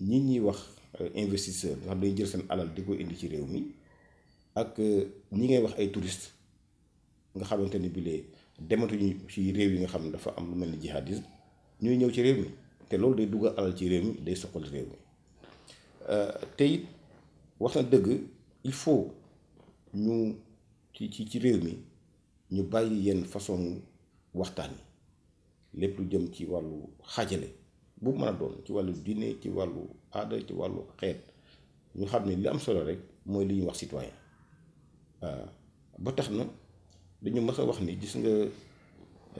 ñi ñuy wax euh, investisseur nga xam day jël seen alal di ko indi ci réew mi ak euh, ñi ngay wax ay touriste nga xamante ni bilee dematuñu ci réew yi nga xam dafa am lu mel ni jihadisme ñuy ñëw ci réew mi te loolu day dugal alal ci réew mi day soxal réew mi euh, te it wax na dëgg il faut ñu ci ci ci réew mi ñu bàyyi yenn façon waxtaan yi lépp lu jëm ci wàllu xaajale bu mën a doon ci wàllu diine ci wàllu aada ci wàllu xeet ñu xam ne li am solo rek mooy li ñuy wax citoyen waaw ah, ba tax na dañu mës a wax ni gis nga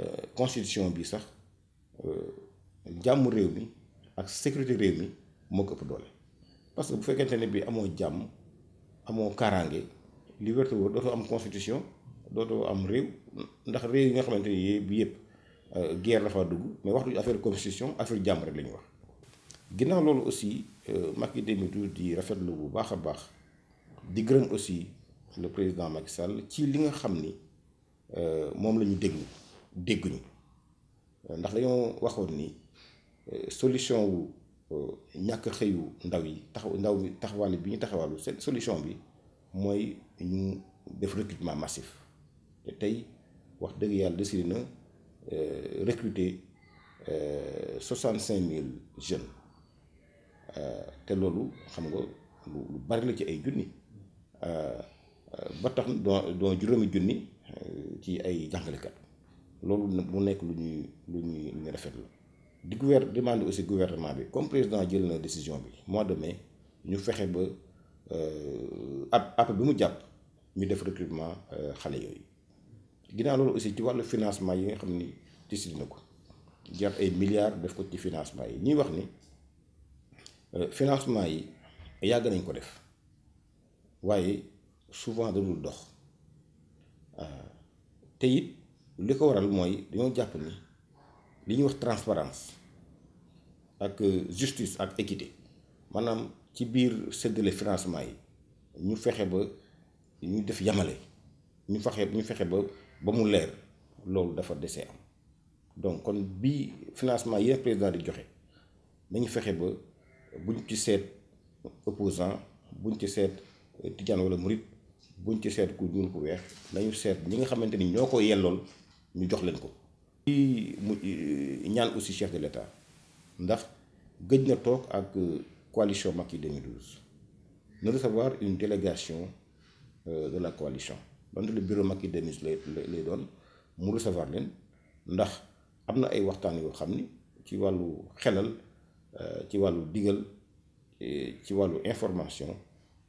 euh, constitution bi sax euh, jàmm réew mi ak sécurité réew mi moo ko ëpp doole parce que bu fekkente ne bi amoo jàmm amoo kaaraange li wértu woo dootoo am constitution dootoo am réew ndax réew yi nga xamante ni bi Euh, guerre dafa dugg mais waxtu affaire constitution affaire jàmm rek la wax. ginnaaw loolu aussi euh, Macky 2012 di rafetlu bu baax a baax di gërëm aussi le président Macky Sall ci li nga xam ni euh, moom la ñu déglu dégguñu ndax dañoo waxoon ni solution wu ñàkk xëyu ndaw yi taxaw ndaw bi taxawaale bi ñu taxawaalu seen solution bi mooy ñu def recrutement massif te tey wax dëgg yàlla décidé na. Euh, recruter 65 euh, 000 jeunes euh, te loolu xam nga lu lu bari la ci ay junni ba tax doo doo juróomi ci ay jàngalekat loolu mu nekk lu ñuy lu ñuy rafetlu di gouver aussi gouvernement bi comme président jël na décision bi mois de mai ñu fexe ba app ap bi mu jàpp ñu def recrutement xale yooyu ginnaaw loolu aussi ci wàllu financement yi nga xam ni décidé na ko jar ay milliards def ko ci financement yi ñuy wax ni euh, financement yi yàgg nañ ko def waaye souvent da dul dox euh, te it li ko waral mooy dañoo jàpp ni li ñuy wax transparence ak euh, justice ak équité maanaam ci biir séddale financement yi ñu fexe ba ñu def yamale ñu fexe ñu fexe ba c'est leer lolou dafa donc kon financement est président di joxé fexé ba buñ ci sét opposant buñ ci sét euh, tidiane wala buñ ci ñi nga euh, aussi chef de l'État ndax gëj euh, coalition 2012 recevoir une délégation de la coalition donte le bureau Macky 2000 lay lay doon mu recevoir leen ndax am na ay waxtaan yoo xam ni ci wàllu xelal euh, ci wàllu digal ci wàllu information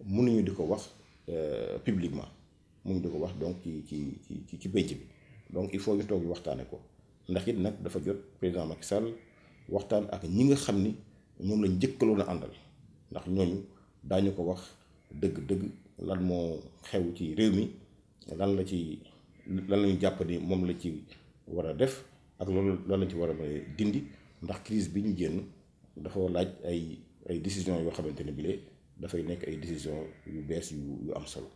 mënuñu di ko wax euh, publiquement mu mënuñu di ko wax donc ci ci ci ci béykat bi donc il faut ñu toog ñu waxtaanee ko ndax it nag dafa jot président Macky Sall waxtaan ak ñi nga xam ni ñoom lañ njëkkaloon a àndal ndax ñooñu daañu ko wax dëgg-dëgg lan moo xew ci réew mi. lan la ci lan lañu jàpp moom la ci war a def ak loolu lan la ci war a dindi ndax crise bi ñu génn dafa laaj ay ay décision yoo xamante ne bile dafay nekk ay décision yu bees yu yu am solo